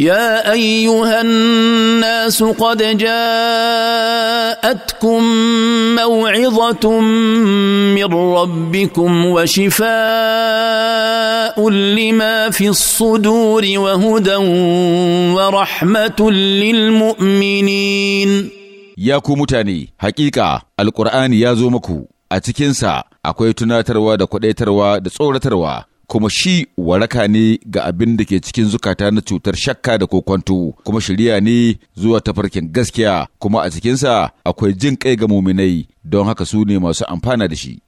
يا ايها الناس قد جاءتكم موعظه من ربكم وشفاء لما في الصدور وهدى ورحمه للمؤمنين يا متاني حقيقه القران يا زومكو اتكنسا أكويتنا akwai tunatarwa da kwadaitarwa da tsoratarwa kuma shi waraka ne ga abin da ke cikin zukata na cutar shakka da kokwanto kuma shirya ne zuwa tafarkin gaskiya kuma a cikinsa akwai jin kai ga muminai don haka su ne masu amfana da shi